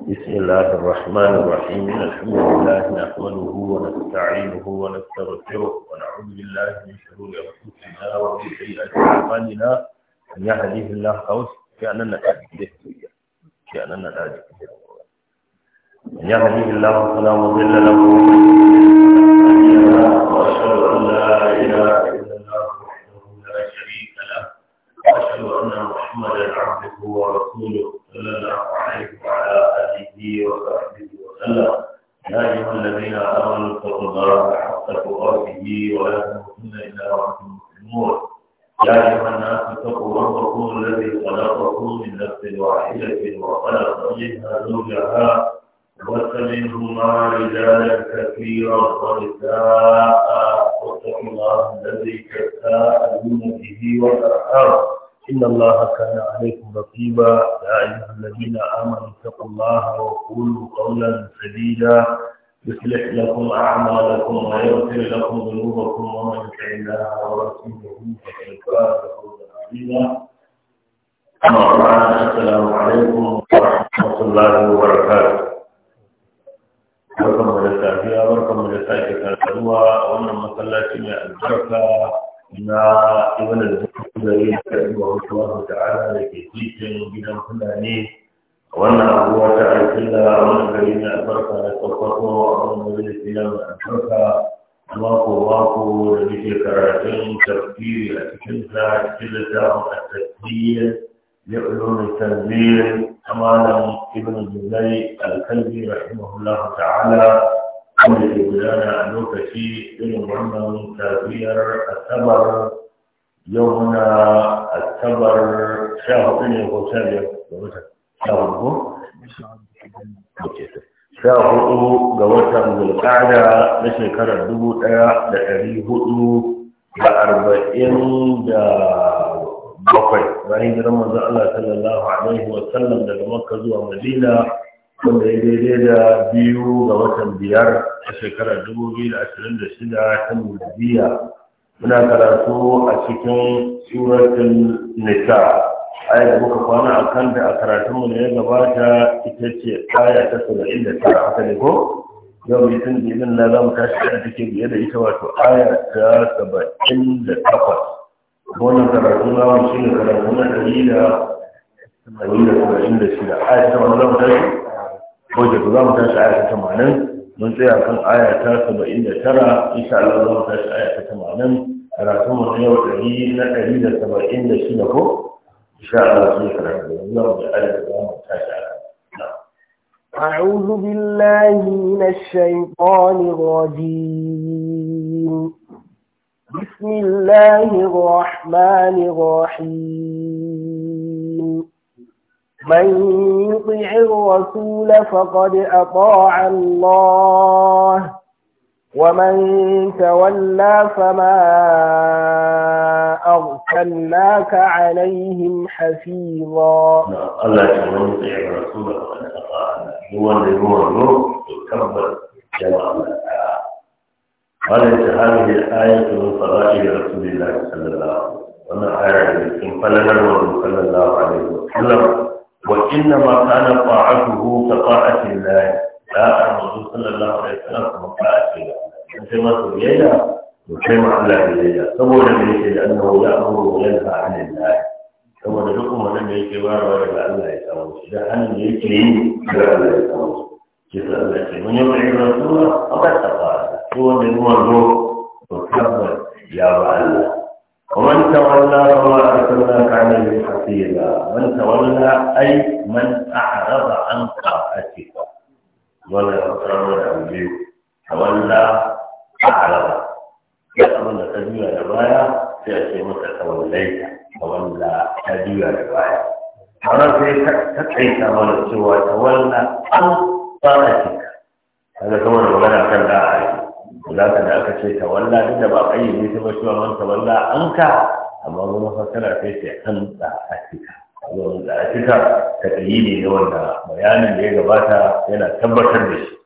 بسم الله الرحمن الرحيم الحمد لله نحمده ونستعينه ونستغفره ونعوذ بالله من شرور انفسنا ومن سيئات اعمالنا ان يهديه الله قوس كاننا نهديه كاننا نهديه من يهديه الله فلا مضل له ومن فلا له ان لا اله الا محمد عبده ورسوله صلى الله عليه وعلى آله وصحبه وسلم يا أيها الذين آمنوا اتقوا الله حق تقاته ولا تموتن إلا وأنتم مسلمون يا أيها الناس اتقوا ربكم الذي خلقكم من نفس واحدة وخلق منها زوجها وبث منهما رجالا كثيرا ونساء واتقوا الله الذي تساءل إن الله كان عليكم رقيبا يا أيها الذين آمنوا اتقوا الله وقولوا قولا سديدا يصلح لكم أعمالكم ويغفر لكم ذنوبكم ومن يطع الله ورسوله فقد فاز فوزا عظيما أما بعد السلام عليكم ورحمة الله وبركاته barkanmu da safiya barkanmu da sake karkaruwa a wannan masallaci mai albarka na ibn al-zuhri zai ra'imar Allah ta'ala da ke cikin gidan fulani wannan abuwa ta alfila wannan gari na albarka na farko a wannan gari da filan albarka mako mako da muke karatun tafsiri a cikin sa cikin littafin at-tafsir ya ulum tanzil amalan ibn juzai al-kalbi rahimahullah ta'ala wanda ke gudana a lokaci irin wannan tafiyar asabar yau muna asabar sha hudu ne ko sha biyar ga watan sha hudu sha hudu ga watan zulkada na shekarar dubu daya da dari hudu da arba'in da bakwai bayan gidan manzan Allah sallallahu alaihi wa sallam daga makka zuwa madina wanda ya daidai da biyu ga watan biyar a shekarar dubu biyu da ashirin da shida ta mulkiya muna karatu a cikin suratul nisa ayat da muka kwana a kan da a karatunmu da ya gabata ita ce aya ta saba'in da tara haka ne ko yau mai tun da na za mu tashi da take biye da ita wato aya ta saba'in da takwas wannan karatu na mu shi ne karatu na ɗari da saba'in da saba'in da shida aya ta wani za mu tashi ko ke za mu tashi aya ta tamanin من تيا كان آية ثلاثة بإن ترى إن شاء الله الله تعالى آية ثمانة راتم الدنيا والدنيا نتري ثلاثة إن شاء الله إن شاء الله تعالى الله رب العالمين أعوذ بالله من الشيطان الرجيم بسم الله الرحمن الرحيم من يطع الرسول فقد أطاع الله ومن تولى فما أرسلناك عليهم حفيظا الله يطيع الرسول فقد أطاع الله هو الذي هو النور الله وليس هذه الآية من فضائل رسول الله صلى الله عليه وسلم وأنا آية من فلنا صلى الله عليه وسلم وإنما كان طاعته كطاعة الله لا الرسول صلى الله عليه وسلم كما طاعة الله كما سوينا وكما على إلينا كما لم لأنه يأمر وينهى عن الله كما لكم لم يكن ولا الله يتوجه إذا أن يكن لا الله يتوجه كيف الله يتوجه من يطع الرسول فقد تقال هو من هو أي من أعرض عن طاعتك ولا يقرأ ولا يجيب تولى أعرض يقرأ تدوي رواية في متى توليت تولى تدوي رواية حرفي تقيت ولا سوى تولى عن طاعتك هذا كما نقول كان داعي وذاك ذاك شيء تولى إذا بقى أي مثل مشروع من تولى عنك أما هو مثلا كيف أنت أتك wanda a cika ta ne na wanda bayanin da ya gabata yana tabbatar da shi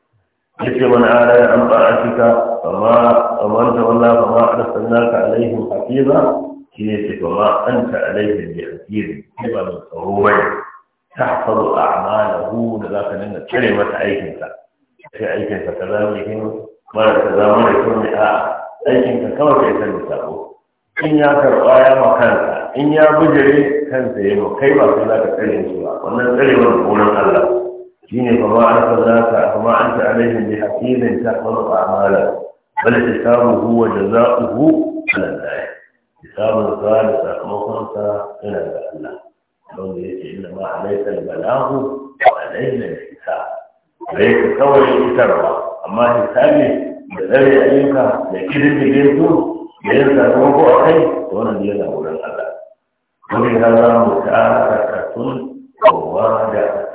yace man ara an ah, ba'atika amma amma ta wallahi amma arsalnaka alaihin hafiza shi ne ce kuma anta alaihim bi hafiz kai ba mai tsaro Ta a amana hu da za ka dinga cire masa aikinsa sai aikinsa kaza ne kin mara kaza mara kin ne a'a aikinka kawai kai san da sako in ya karɓa ya makansa in ya bujire kansa ya ba kai ba sai za ka tsare shi ba wannan tsarewar wurin Allah shi ne kuma an ta za ka kuma an ta alaihim bi hakimin ta kuma ba amala bal da za jazaohu ala Allah hisabun sa da sakamakon sa yana da Allah don da yake inna ma alaysa al-balaghu wa alayna al bai alayka kawai hitarwa amma hisabi da tsare ayyuka da kirkin da su da yin sakamako a kai to wannan yana ومن kowa da ووادة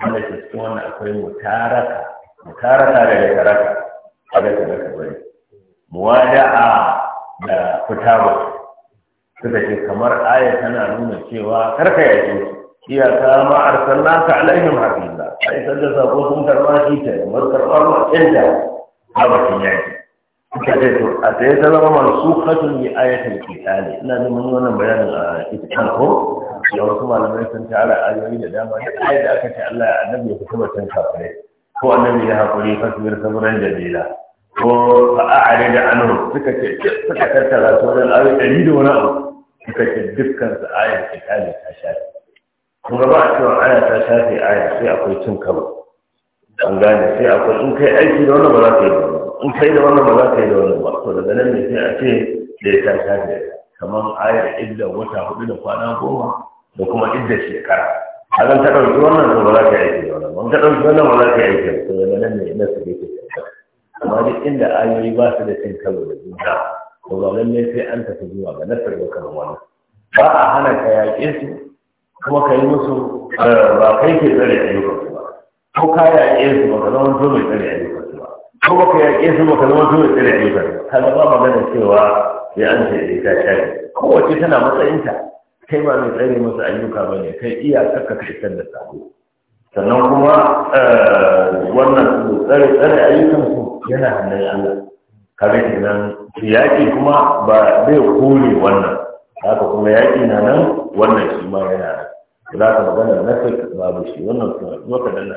wanda ke cikin wannan akwai mutaraka mutaraka da ya taraka a da bari, daga wani muwada'a da ba. suka ce kamar aya tana nuna cewa karka ya ce iya ka ma arsalna ka alaihim hafiza ai sanda sako sun karba shi ta da karba mu a canta a bakin yaki kaɗai eh, to a tsaye ta zama masu hatun yi ayatul kitali ina da mun wannan bayanin a ikitan ko da wasu malamai sun tara ayoyi da dama da ayat da aka ce Allah ya annabi ya fita batun kafirai ko annabi ya hakuri fasbir sabran jadila ko fa'ari da anu suka ce suka tattara su wajen ayoyi ɗari da wani abu suka ce dukkan su ayat kitali ta shafi kun gaba a cewa aya ta shafi aya sai akwai cin karo an gane sai akwai in kai aiki da wani ba za ka yi ba in kai da wannan ba za ka yi da wannan ba to daga nan ne sai a ce da ya tashi da kamar ayar idda wata hudu da kwana goma da kuma idda shekara hakan ta ɗauki wannan to ba za ka yi aiki da wannan ba in ta ɗauki wannan ba za ka yi aiki da to daga nan ne na su ke amma duk inda ayoyi ba su da cin kalo da juna to ba lalle sai an tafi zuwa ga na da kan wannan ba a hana ka yaƙe su kuma ka yi musu eh, ba kai ke tsare ayyukan ba ko ka yaƙe su ba ka zama zo mai tsare ayyukan ko baka yaƙe su baka zama su tsira ne ba kaga ba magana cewa ya an ce ta shari kowace tana matsayinta kai ba mai tsare musu ayyuka ba ne kai iya saka ka isar da sako sannan kuma eh, wannan tsare tsare ayyukan su yana hannun Allah kaga kenan yaƙi kuma ba zai kore wannan haka kuma yaƙi na nan wannan shi ma yana za ka magana na babu shi wannan kuma ka danna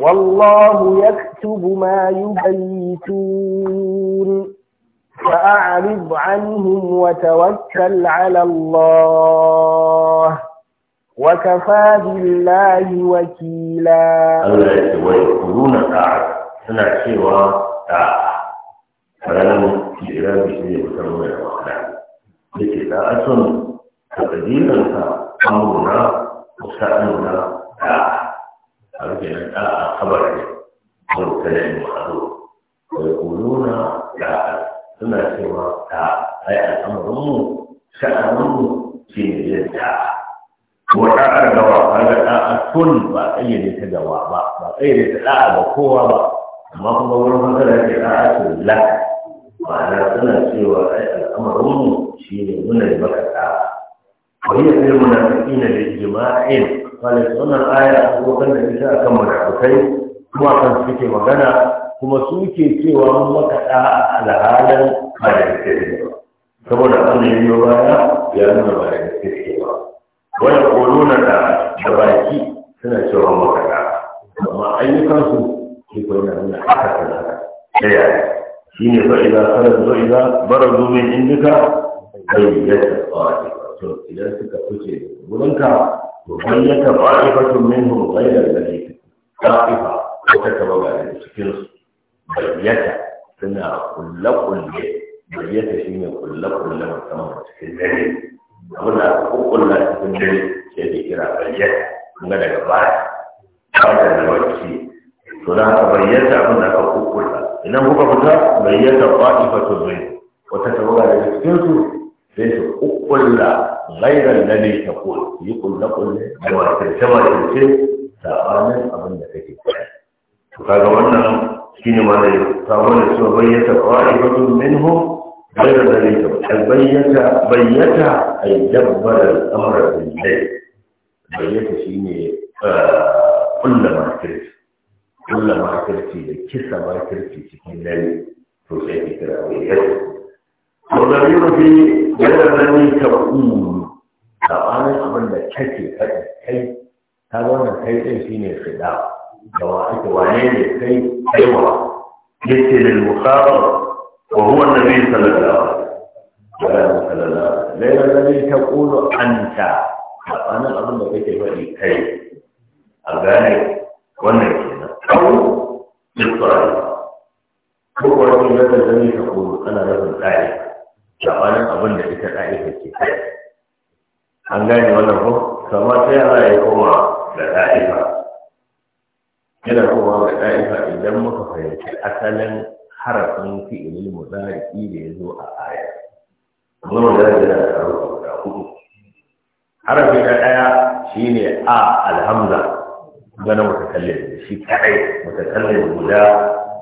والله يكتب ما يبيتون فأعرض عنهم وتوكل على الله وكفى بالله وكيلا الله يقولون أعرض سنة سوى أعرض فلم يجرى بشيء يسمى الوحدة لكي لا أسن تقديرا أمرنا وسألنا tare da nan ɗan alkhabar ne ko ta da yi mahado da kuluna da suna cewa ta a yi al'amarin mu ke ne yin ko ɗa'ar gawa ba ga ɗa'a tun ba ƙayyade ta gawa ba ba ƙayyade ta ɗa'a ga kowa ba amma kuma wurin matsala ke ɗa'a ta la ma'ana suna cewa a yi shi ne muna yi maka ɗa'a ko yi ɗaya muna ɗaɗi da jima'in malai wannan aya a kokan da ita akan munafukai kuma kan suke magana kuma suke cewa mun maka da alhalan ba da gaske ba saboda abin da yi baya ya nuna ba da gaske ba wannan kolona da da baki suna cewa maka da amma ayyukan su ke ko yana nuna haka kan haka ɗaya shi ne fa idan sarar zo idan barazu min indika ba to idan suka fice wurinka وَمَيَّةَ رَائِفَةٌ مِّنْهُمْ غَيْرَ الْمَلِيكَةِ رَائِفَةٌ وَكَتَبَ بَعْلِهِ سُكِرْسُ بَيَّةَ سَنَا قُلَّقُ الْيَةِ بَيَّةَ سِنَا قُلَّقُ الْيَةَ وَتَمَرَ سِكِرْسِ Abunda a kukun da su kunde sai da kira daga baya da wajen shi haka bayyar a kukun da ina kuka kusa bayyar da wata tabbara da cikinsu sai su kukun da ghairar da ne ta ko yi kulle-kulle da wakilce-wakilce saɓanin abin da kake kaya to kaga wannan shi ne mana ta wani cewa bayyata ƙwari batun minhu ghairar da ne ta bayyata bayyata a yi dabbar al'amuran da ne bayyata shi ne kulle makirci kulle kisa makirci cikin dare sai kira في غير الذي تقول sabanin abin da kake faɗi kai ta wannan kai ɗin shi ne fiɗa da wa ake wane ne kai kaiwa yake da lukawa wa huwa nabi sallallahu alaihi wasallam lailan nabi ta kulu anta sabanin abin da kake faɗi kai a gane wannan kenan kawo isra'ila ko wani lailan nabi ta kulu ana rasa tsari sabanin abin da ita tsari ke kai an gane wannan ko Kamar ta yara ya koma da ɗa'ifa yana koma da ɗa'ifa idan muka fahimci asalin harafin fi'ilil mudari'i da ƙi da ya zo a aya kuma mudari'i yana da harufa guda hudu harafi na ɗaya shine a alhamza gana mutakallim shi kaɗai mutakallim guda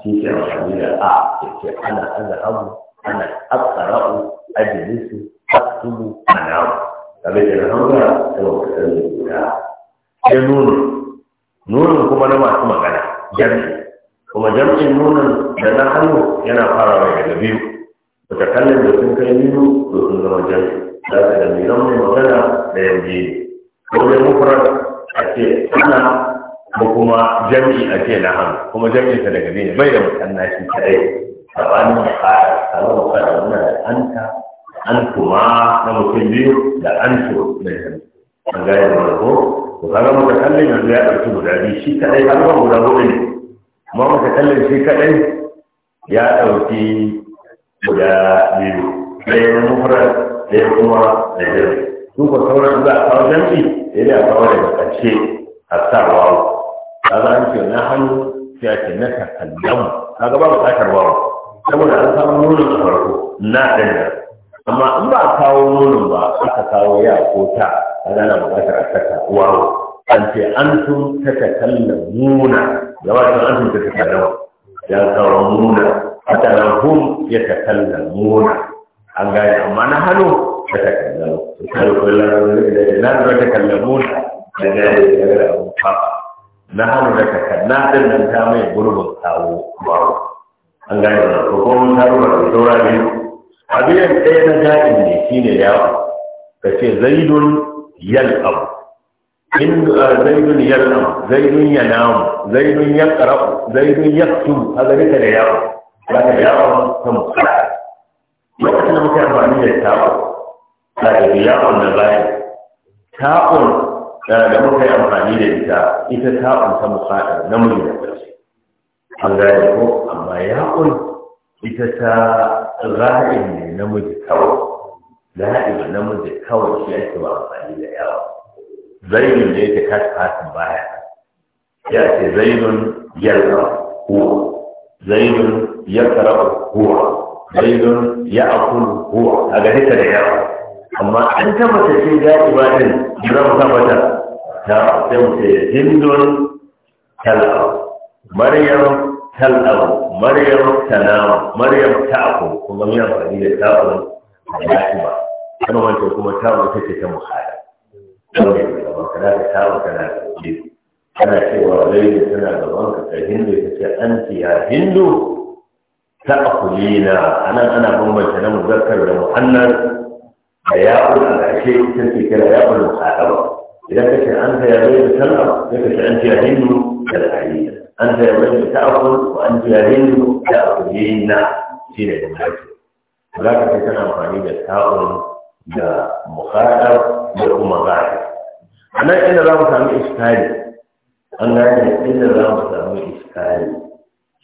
shi ke amfani da a ya ce ana azhabu ana aqra'u ajlisu aktubu anamu kaga da hamza ta mafasar da guda sai nuna nunin kuma na masu magana Jami kuma jami'in nuna da na hannu yana farawa daga biyu kallon da sun kai biyu da sun zama jam'i. za ka da mai mai magana da yanzu ko dai mufrad a ce ana ko kuma jami'i a ce na hannu kuma jami'i ta daga biyu bai da mutanna shi kadai sabanin mafara sabanin mafara wannan anta an kuma na mutum biyu da an to na yanzu an gaya da wani ko to kaga maka kallon yanzu ya ɗauki guda biyu shi kaɗai har ba guda huɗu ne Kuma maka kallon shi kaɗai ya ɗauki guda biyu ɗaya na mufrar ɗaya kuma da yanzu su ko sauran za a kawo jam'i sai dai a kawo daga ƙarshe a sa wawo kaga an ce na hannu sai a ce na takallamu kaga ba buƙatar wawo saboda an samu nunin a farko na ɗan amma in ba a kawo nonon ba aka kawo ya ko ta A na bukatar a saka wawo an ce an tun ta takalla muna gabatar an tun ta takalla ya kawo muna a nan hun ya takalla muna an gane amma na hannu ta takalla misali ko kalla ta kalla muna da kalla da gane da abun na hannu da takanna din nan ta mai gurbin kawo wawo an gane da ko kuma ta da saura biyu abiyan ɗaya na da'in ne shine yawo ka ce zaidun yal'am in ah, zaidun yal'am zaidun yanamu zaidun yaqra'u zaidun yaktubu kaga duka da yawo zaka da yawo ta musala lokacin da muke amfani da tawo a da yawo na baya ta'un ah, da muka amfani da ita ita ta'un ta musaɗa namiji da ƙarshe an gane ko amma ya'un ita ta ra'in ne namiji kawai ra'in namiji kawai shi ake ba amfani da yawa zainun da yake kashi fatin baya ya ce zainun yalka huwa zainun yakara huwa zainun ya'kulu huwa a ga hita da yawa amma an tabbata ba da'iba din jiran tabbata ta sai mu ce hindun tal'a maryam هل مريم تنام مريم تأكل كما يرى إلى تأكل لحمة كما من تقوم تأكل تكتك محالة أنا في ورليل سنة دوانك كهندو أنا أنا يا هندو تأكلينا أنا أنا بما كان مذكر لمحنن يا أول أنا شيء تنتي كلا يا أول محاربة إذا كنت أنت يا ليل سنة إذا كنت أنت يا هندو كالعليل an أنت يا من تأكل وأنت يرين تأكلين شيء لدمك ولكن في سنة مخانية تأكل da mukhatab da kuma gari a nan inda za mu sami iskari an gane inda za mu sami iskari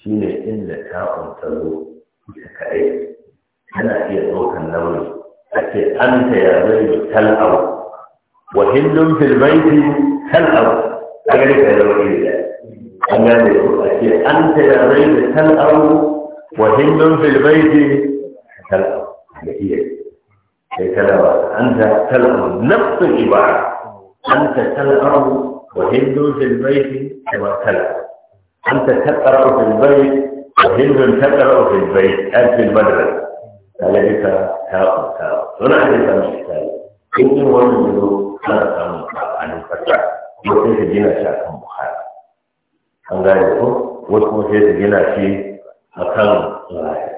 shi ne inda ta'un ta zo ita kaɗai tana iya ɗaukan nauyi a ce an ta ya zai da tal'au wa hindun filbaiti tal'au a gani ka zama iri ɗaya الذي يقول أنت يا بيت هل وهند في البيت هل هي هي كلام أنت هل نفس العبارة أنت هل وهند في البيت كما أنت تقرأ في البيت وهند تقرأ في البيت أنت في المدرسة فليس كاظم كاظم هنا حديث المحتاج إن هو من ذلك أنا أعلم أنه فتح يوقف دين الشعب an gane ko wasu kuma sai su gina shi a kan rayu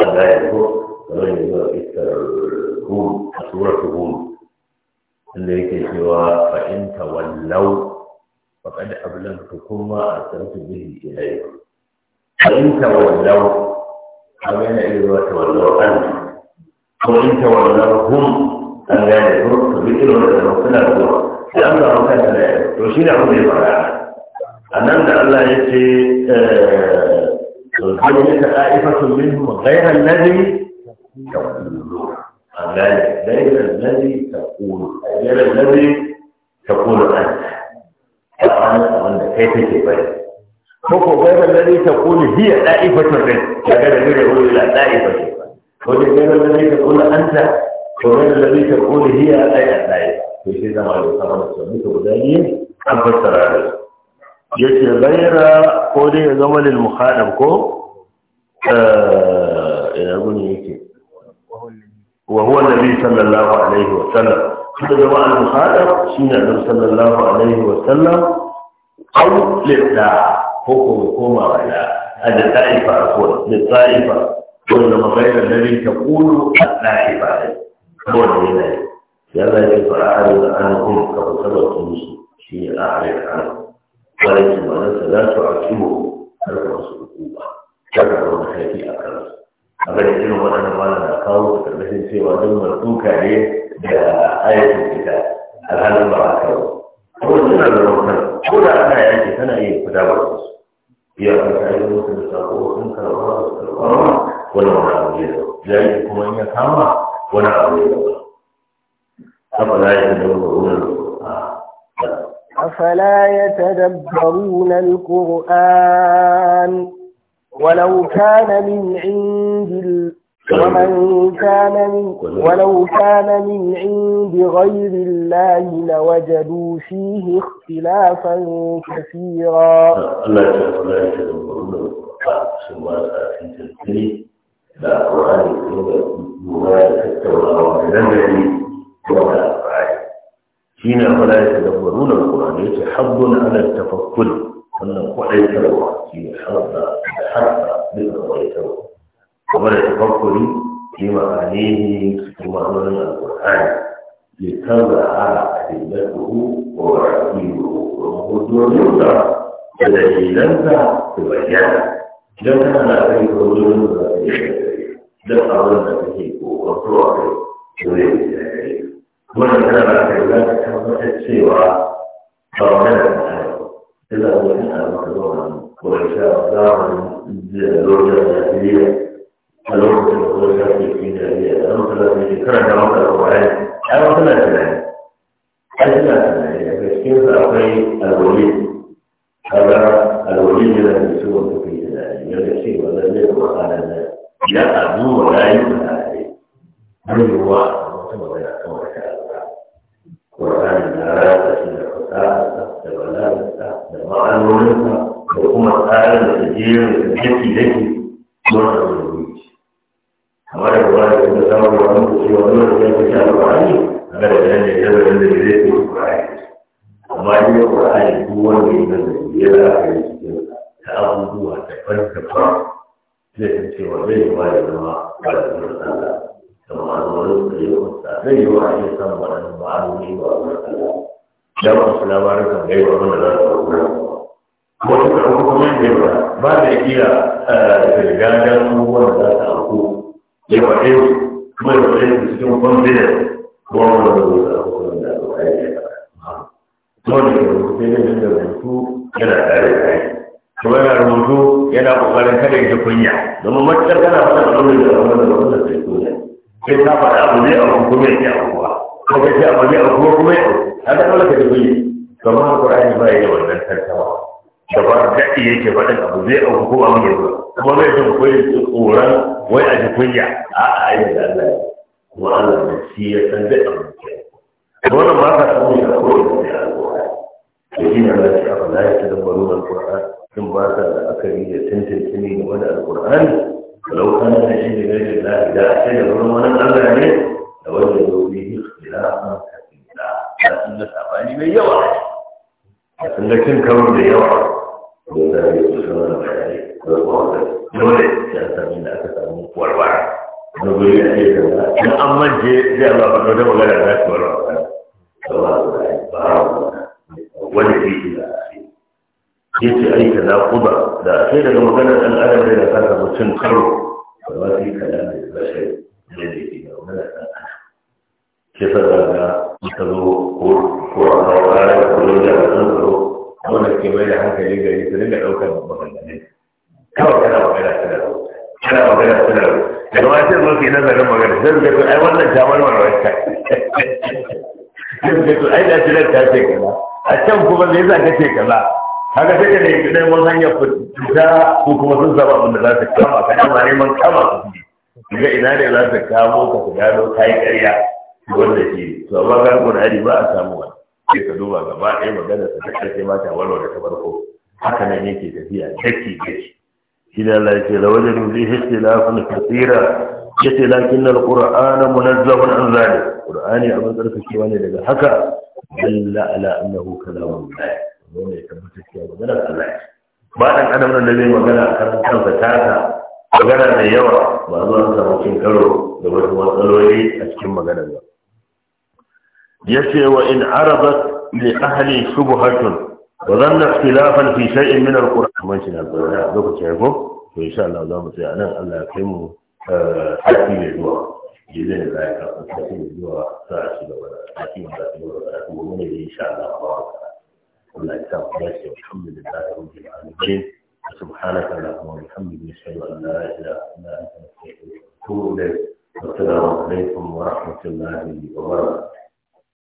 an gane ko kamar yin a iskar hum a suratu hum inda yake cewa fa'inta wallau ba faƙad ablanta kuma a sarfi bihi ilai fa'inta wallau kamar yana iya zuwa ta wallau an ko in ta wallau hum an gane ko ka bi irin da suna zuwa sai an zama kan da to shi ne abin da ya fara أنا الله يتي هناك آه، آئفة منهم غير الذي تقول غير الذي تقول غير الذي تقول أنت فأنا غير الذي تقول هي آئفة منه غير الذي لا آئفة غير الذي تقول أنت غير الذي تقول هي آئفة في شيء ما يصنع مثل ذلك أنفسنا عليه ya ce gaira ko dai ya zama lil mukhadab ko ya gune yake wa huwa nabi sallallahu alaihi wa sallam da zama al mukhadab shine annabi sallallahu alaihi wa sallam aw lidda ko ko koma wala ad taifa ko da taifa ko da magaira nabi ta qulu ad taifa ko da yana ya zai fara an kuma ka fasara musu shi ne a harin malaikin malaka za su akimo har wasu su da kuma kaga ba wani kaifi a kan su a bari irin waɗanda ba na kawo su karɓashin cewa don martuka ne da ayatun kita alhalin ba a kawo kuma suna da rokar ko da ana yanki tana yin fita ba su biya ta yi musu da sako sun karɓa su karɓa wani abu ne da zai yi kuma ya kama wani abu ne da ba. Sama na yi da wani wani أفلا يتدبرون القرآن ولو كان من عند ومن كان من ولو كان من عند غير الله لوجدوا فيه اختلافا كثيرا. الله لا يتدبرون القرآن سواء في تفسيره لا قرآن يتدبر ولا يتدبر ولا يتدبر ولا shi ne wala ya tadabbaru da alƙur'ani ya ce na ala tafakkur wannan kwaɗaitarwa shi ne harsa da harsa duka kwaɗaitarwa kamar da tafakkuri shi ma'anihi cikin ma'anonin alƙur'ani ya canza ala a dillatuhu wa ra'ayihu wa hujjojosa da dalilansa su bayyana idan kana da kai hujjojin da za ka yi da abin da kake ko wasu a kai to ne wannan tana da aka ta tabbatar cewa ba wannan da ta yi da wani abu da zuwa ko da sha zamanin da lokacin da ta yi a lokacin da kuma sha ke cikin jariya da an kula da shi kana da maka da bayan ai wata na tunani ai suna tunani daga cikin sa akwai alwali kaga alwali ne da su ta ke da tunani yadda cewa zai kuma kana da ya abu wa layi da tunani ruwa ma'anoninsa da kuma tsarin da ta jerin da daki dake don da rubuci amma da kuma da kuma samun wani lokaci wani wani kusa fi shafi ƙwari a ga da yadda ya zama yadda ya zai fi ƙwari amma yi da ƙwari duk wanda ya zama ya za a yi cikin ta abubuwa daban-daban zai fi cewa zai yi ma ya zama ba da kuma sallah da ma'anonin da ya kusa zai yi wa a iya samun da ma'anoni ba a kuma sallah. Jama'a su labarin kan gaiwa wanda za ladan abubuwan da za ta auku ya faɗe kuma ya faɗe su cikin confidence kuma wanda ba zai auku nan da aka faɗe ya faɗa. Dole ne rubutu ne da rubutu yana tare da aiki. Kuma yana rubutu yana ƙoƙarin kada ya ji kunya domin matuƙar kana faɗa da wani da wani da wani sai kunya. Sai ta faɗa abu zai auku kuma ya ke aukuwa. Ko ka ce abu zai auku kuma ya auku. Haka dole ka ji kunya. Kamar Al-Qur'ani ba ya da wannan tantawa. Da ba daɗi yake faɗin abu zai auku ko abu ya zuwa. kuma bai jin koyi tsoron wai a ji kunya a a yi da Allah ya kuma Allah ne shi ya san zai amince wannan ba ka samu ya koyi da alƙur'ani da shi ne Allah ya fara ya ta dabbaru da alƙur'ani sun ba ta da akari da tantance ne game da alƙur'ani walau kana da shi ne gari da da ake da wurin wani Allah ne da wanda ya yi ikhtilafan kabila da sun ga sabani mai yawa sun ga cin karo da yawa sai Allah ba da magana da shi wannan Allah ba wanda shi shi yace ai ka da kuba da sai daga maganar dan adam ne da kanka mutum karo ba sai ka da bashai da shi da wannan dan adam ke fara da ka zo ko ko a hawa ko da wannan ko wannan ke mai da hankali gari su dinga daukar maganganun kawai kana magana kana kana magana kana daga ma sai zo su nazarin magana sai suka to ai wannan ta mana wani wata sai suka to ai da shi ta ce kaza a can kuma me yasa ka ce kaza haka sai ka ne idan mun hanyar fita ko kuma sun saba abin da za su kama ka dama neman kama su ga ina ne za su kamo ka su gano ka yi ƙarya wanda shi to amma ga Qur'ani ba a samu wani sai ka duba gaba ɗaya magana ta ta ƙarshe ma ta walwala ta farko haka nan yake tafiya daki daki shi da Allah yake la wajadu fi ikhtilafun kathira yace lakin alqur'ana munazzahun an zalik qur'ani abin tsarkakewa ne daga haka dalla ala annahu kalamullah wannan ya tabbata cewa maganar Allah ba dan adam da zai magana akan kansa tasa magana mai yawa ba zuwa samu cin karo da wasu matsaloli a cikin maganar ba ce wa in arabat li ahli shubhatun وظن اختلافا في شيء من القرآن من شنا القرآن أعدوك تعرفه وإن شاء الله دوام سيعنا الله يكرم حكيم الدعاء بإذن الله خير حكيم الدعاء ساعة ولا حكيم الدعاء ومن إن شاء الله بارك الله يكرم حياتي والحمد لله رب العالمين سبحانك اللهم وبحمدك نشهد أن لا إله إلا أنت نستغفرك ونتوب إليك والسلام عليكم ورحمة الله وبركاته